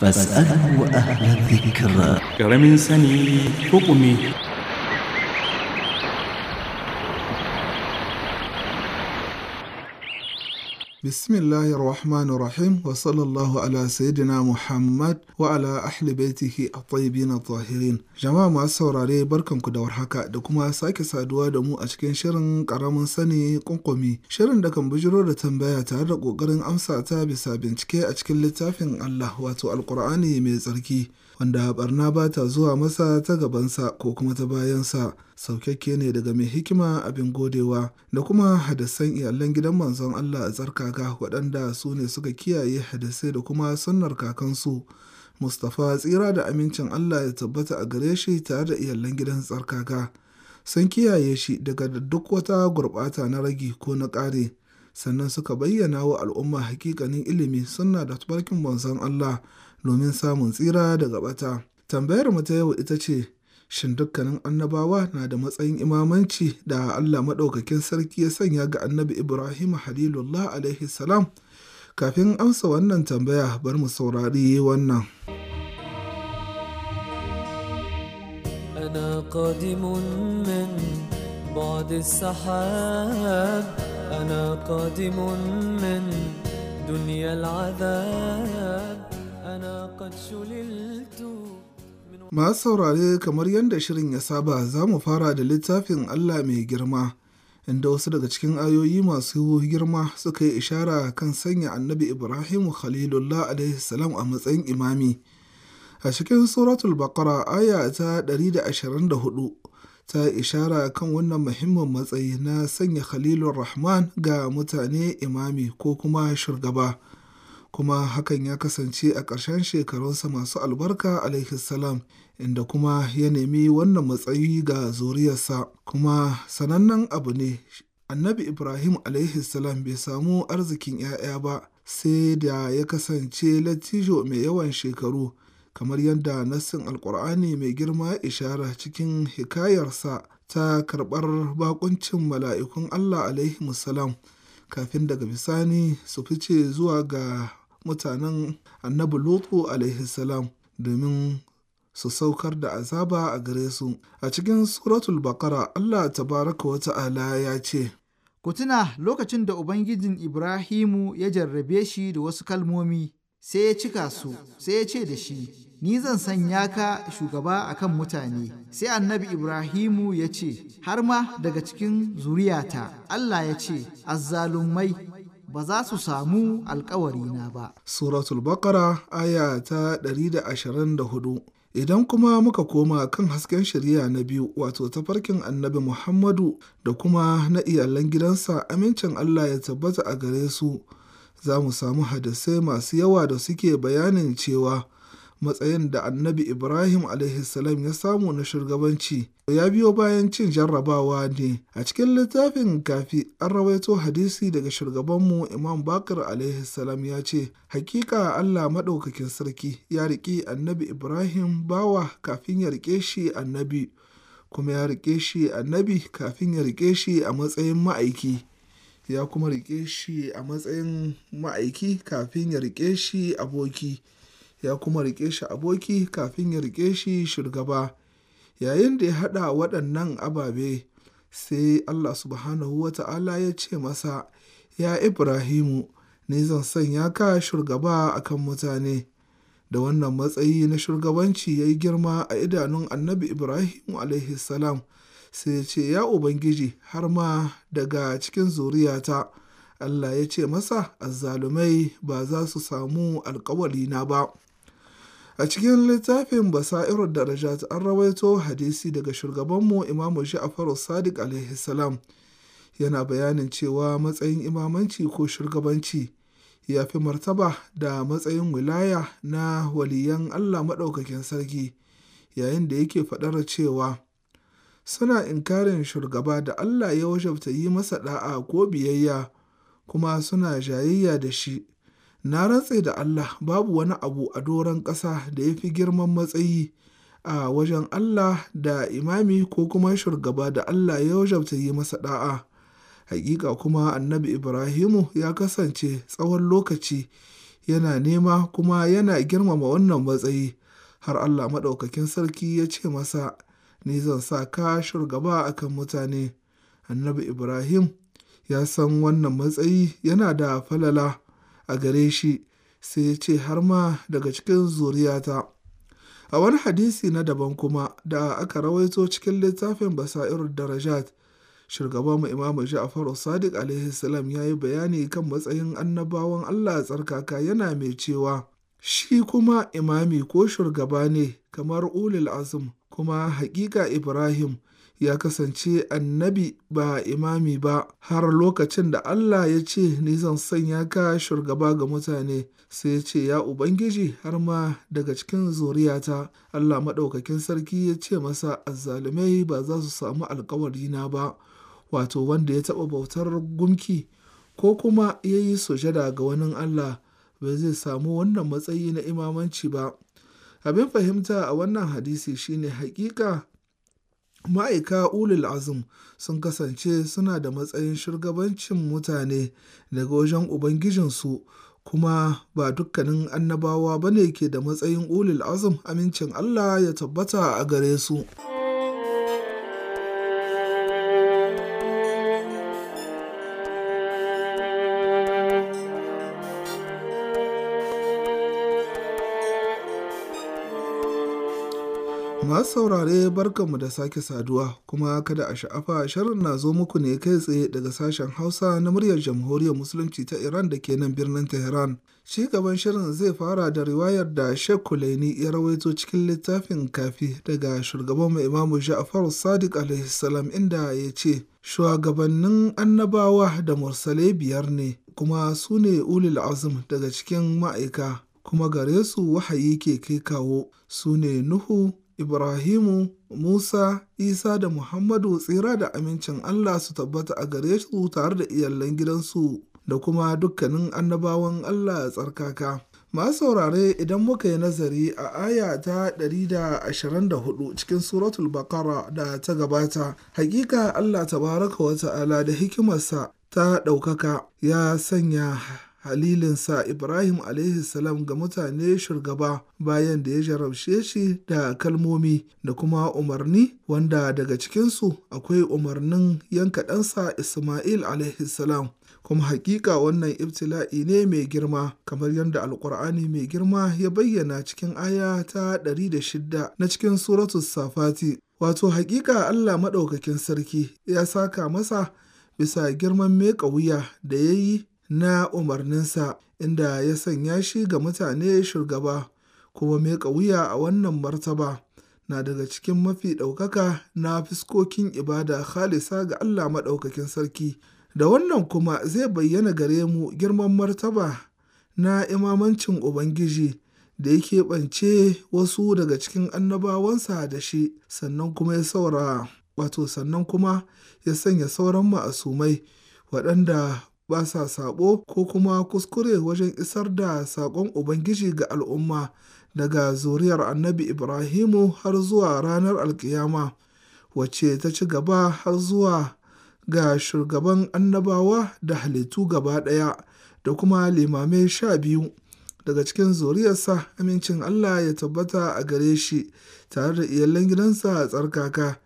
فاسأله أهل الذكر كرم سني حكمه bismillahi rahmanu rahim wa sallallahu ala sayyidina muhammad wa ala ahli baitihi a tayyibin tahirin jama'a masu saurare barkanku da warhaka da kuma sake saduwa da mu a cikin shirin ƙaramin sani kunkomi shirin da kan bujiro da tambaya tare da ƙoƙarin amsa ta bisa bincike a cikin littafin allah wato Alƙur'ani mai tsarki wanda barna ba ta zuwa masa ta gabansa ko kuma ta bayansa saukakke ne daga mai hikima abin godewa da kuma hadisan iyalan gidan manzon Allah a tsarkaka waɗanda su ne suka kiyaye hadisai da kuma sunnar kakansu Mustapha tsira da amincin Allah ya tabbata a gare shi tare da iyalan gidan tsarkaka sun kiyaye shi daga duk wata gurɓata na ragi ko na ƙare sannan suka bayyana wa al'umma hakikanin ilimi suna da tubarkin manzon Allah domin samun tsira daga bata. Tambayar mu ta yau ita ce, shin dukkanin annabawa na da matsayin imamanci da Allah maɗaukakin sarki ya sanya ga annabi Ibrahim Halilullah alaihi salam? Kafin amsa wannan tambaya bar mu saurari wannan. أنا قادم من بعد السحاب أنا قادم من دنيا العذاب أنا قد شللت saurare kamar yadda shirin ya saba za mu fara da littafin Allah mai girma, inda wasu daga cikin ayoyi masu girma suka yi ishara kan sanya annabi Ibrahim Khalilullah salam a matsayin imami. A cikin suratul Baqara aya ta 124 ta ishara kan wannan muhimmin matsayi na sanya khalilur rahman ga mutane imami ko kuma shugaba kuma hakan ya kasance a ƙarshen shekarunsa masu albarka salam inda kuma ya nemi wannan matsayi ga zuriyarsa kuma sanannen abu ne annabi ibrahim salam bai samu arzikin 'ya'ya ba sai da ya kasance latijo mai yawan shekaru kamar yadda nassin alkur'ani mai girma ishara cikin hikayarsa ta karɓar baƙuncin mala'ikun Allah Salam) kafin daga bisani su fice zuwa ga mutanen annabi Lutu salam domin su saukar da azaba a gare su. A cikin suratul bakara Allah tabaraka wa ta'ala ya ce, Ku tuna lokacin da Ubangijin Ibrahimu ya jarrabe shi da wasu kalmomi, sai ya cika su, sai ya ce da shi, ni zan sanya ka shugaba akan mutane sai annabi ibrahimu ya ce har ma daga cikin zuriyata allah ya ce azzalumai ba za su samu na ba suratul bakara aya ta 124 idan kuma muka koma kan hasken shari'a na biyu wato tafarkin annabi muhammadu da kuma na iyalan gidansa amincin allah ya tabbata a gare su za mu samu hadisai masu yawa da suke bayanin cewa matsayin da annabi Ibrahim salam ya samu na shugabanci ya biyo bayan cin jarrabawa ne a cikin littafin kafi an rawaito hadisi daga shugabanmu imam bakar salam ya ce hakika allah maɗaukakin sarki ya riƙe annabi ibrahim bawa kafin ya riƙe shi annabi kuma ya riƙe shi annabi kafin ya riƙe shi a matsayin ma'aiki ya kuma riƙe shi a matsayin ma'aiki kafin ya riƙe shi aboki ya kuma riƙe shi aboki kafin ya riƙe shi shirgaba yayin da ya haɗa waɗannan ababe sai Allah subhanahu wa ta'ala ya ce masa ya Ibrahimu ni zan sanya ka shugaba a kan mutane da wannan matsayi na shugabanci ya yi girma a idanun annabi Ibrahimu salam sai ya ce ya Ubangiji har ma daga cikin zuriyata Allah ya ce masa azzalumai ba za su samu alkawalina ba. A cikin littafin Basairu Darajat an rawaito hadisi daga shugabanmu Imamu Ja'faru Sadiq alaihi salam yana bayanin cewa matsayin imamanci ko shugabanci ya fi martaba da matsayin wilaya na waliyan Allah maɗaukakin sarki yayin da yake faɗar cewa suna inkarin shugaba da Allah ya wajabta yi masa ɗa'a ko biyayya kuma suna jayayya da shi Na rantse da Allah, babu wani abu a doron ƙasa da ya fi girman matsayi a wajen Allah da imami ko kuma shugaba da Allah ya wajabta yi masa ɗa'a. Hakika kuma annabi Ibrahimu ya kasance tsawon lokaci yana nema kuma yana girmama wannan matsayi, har Allah maɗaukakin sarki ya ce masa, Ni zan sa ka shugaba a kan mutane. Annabi Ibrahim ya san wannan matsayi yana da falala. a gare shi sai ya ce har ma daga cikin zuriyata a wani hadisi na daban kuma da aka rawaito cikin littafin basa'ir darajat shugaban mu imamu ja'far sadiq alaihi salam ya yi bayani kan matsayin annabawan allah tsarkaka yana mai cewa shi kuma imami ko shugaba ne kamar ulil azm kuma hakika ibrahim ya kasance annabi ba imami ba har lokacin da Allah ya ce ni zan sanya ka shugaba ga mutane sai ya ce ya ubangiji har ma daga cikin zuriyata Allah maɗaukakin sarki ya ce masa azzalumai ba za su samu alkawarina ba wato wanda ya taɓa bautar gumki ko kuma ya yi sujada ga wani Allah bai zai samu wannan matsayi na imamanci ba abin fahimta a wannan hadisi shine hakika Ma'aika ulul azum sun kasance suna da matsayin shugabancin mutane daga wajen Ubangijinsu, kuma ba dukkanin annabawa ba ne ke da matsayin ulul azum, amincin Allah ya tabbata a gare su. Masu saurare barkanmu da sake saduwa kuma kada a sha'afa shirin na zo muku ne kai tsaye daga sashen Hausa na muryar Jamhuriyar Musulunci ta Iran da ke nan birnin Tehran. Ci gaban shirin zai fara da riwayar da Sheikh Kulaini ya rawaito cikin littafin kafi daga shugaban mai Imamu Ja'far Sadiq alaihi inda ya ce shugabannin annabawa da mursalai biyar ne kuma su ne ulil azum daga cikin ma'aika kuma gare su wahayi ke kai kawo su ne Nuhu Ibrahimu, Musa, Isa da Muhammadu tsira da amincin Allah su tabbata a gare su tare da iyalan gidansu da kuma dukkanin annabawan Allah tsarkaka. Masu saurare idan muka yi nazari a aya ta 124 cikin suratul bakara da ta gabata, hakika Allah tabaraka wata ta'ala da hikimarsa ta ɗaukaka ya sanya halilinsa Ibrahim salam ga mutane shugaba bayan da ya jarabce shi da kalmomi da kuma umarni wanda daga cikinsu akwai umarnin yanka ɗansa Ismail salam kuma hakika wannan ibtila'i ne mai girma kamar yadda alkur'ani mai girma ya bayyana cikin aya ta 106 na cikin suratul safati wato hakika Allah maɗaukakin sarki ya saka masa bisa girman meƙa wuya da ya yi na umarninsa, inda ya sanya shi ga mutane shugaba, kuma mai wuya a wannan martaba na daga cikin mafi ɗaukaka na fuskokin ibada khalisa ga Allah Maɗaukakin Sarki, da wannan kuma zai bayyana gare mu girman martaba na imamancin Ubangiji da ya keɓance wasu daga cikin annabawansa da shi, sannan kuma ya saura wato sannan kuma ya sanya sauran ma'asumai waɗanda ba sa saɓo ko kuma kuskure wajen isar da sakon Ubangiji ga al'umma daga zuriyar annabi Ibrahimu har zuwa ranar alkiyama, wacce ta ci gaba har zuwa ga shugaban annabawa da halittu gaba ɗaya da kuma limamai sha biyu. daga cikin zuriyarsa amincin Allah ya tabbata a gare shi tare da iyalan gidansa a tsarkaka.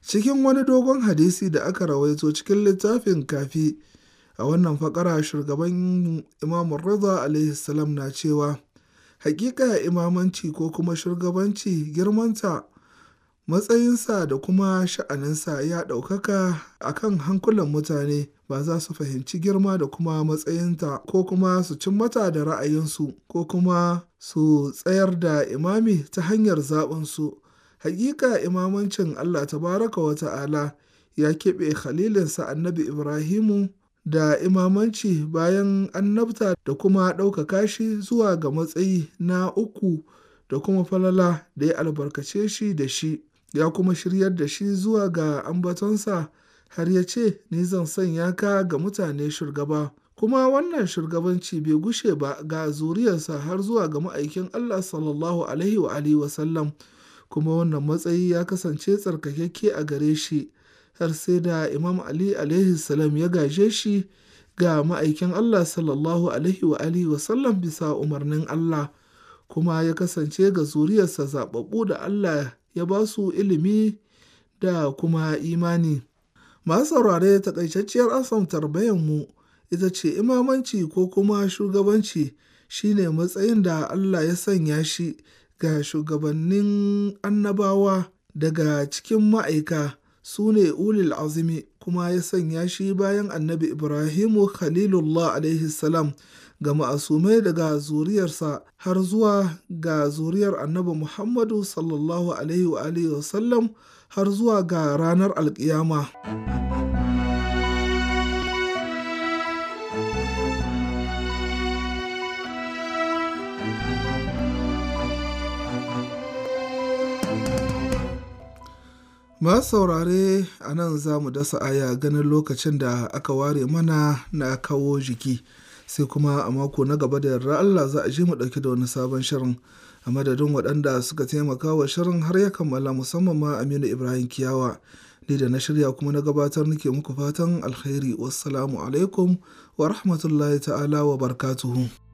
Cikin wani dogon hadisi da aka rawaito cikin littafin kafi a wannan fakara shugaban imamar Rida alaihi salam na cewa hakika imamanci ko kuma shugabanci girmanta matsayinsa da kuma sha'aninsa ya ɗaukaka a kan hankulan mutane ba za su fahimci girma da kuma matsayinta ko kuma su cin mata da ra'ayinsu ko kuma su tsayar da imami ta hanyar zaɓinsu hakika imamancin allah tabaraka wa ta'ala ya keɓe khalilinsa annabi ibrahimu da imamanci bayan annabta da kuma ɗaukaka shi zuwa ga matsayi na uku da kuma falala da ya albarkace shi da shi, ya kuma shiryar da shi zuwa ga ambatonsa har ya ce, Ni zan sanya ka ga mutane shugaba. Kuma wannan shugabanci bai gushe ba ga zuriyarsa har zuwa ga ma'aikin Allah sallallahu Alaihi wa sallam, kuma wannan matsayi ya kasance tsarkakakke a gare shi. har sai da Imam Ali alaihi salam ya gaje shi ga ma'aikin Allah sallallahu alaihi wa alihi wa sallam bisa umarnin Allah kuma ya kasance ga zuriyarsa zaɓaɓɓu da Allah ya ba su ilimi da kuma imani. Masu saurare takaitacciyar asam mu ita ce imamanci ko kuma shugabanci shine matsayin da Allah ya sanya shi ga shugabannin annabawa daga cikin ma'aika su ne ulil azumi kuma ya sanya shi bayan annabi Ibrahimu Khalilullah alaihi salam ga ma'asumai daga zuriyarsa har zuwa ga zuriyar annabi Muhammadu sallallahu alaihi wa sallam har zuwa ga ranar alkiyama. Ma saurare a nan za mu dasa aya ganin lokacin da aka ware mana na kawo jiki. Sai kuma a mako na gaba da yarda Allah za a je mu ɗauki da wani sabon shirin. A madadin waɗanda suka taimaka wa shirin har ya kammala musamman ma Aminu Ibrahim Kiyawa. Ni da na shirya kuma na gabatar nake muku fatan alkhairi. Wassalamu alaikum wa rahmatullahi ta'ala wa barkatuhu.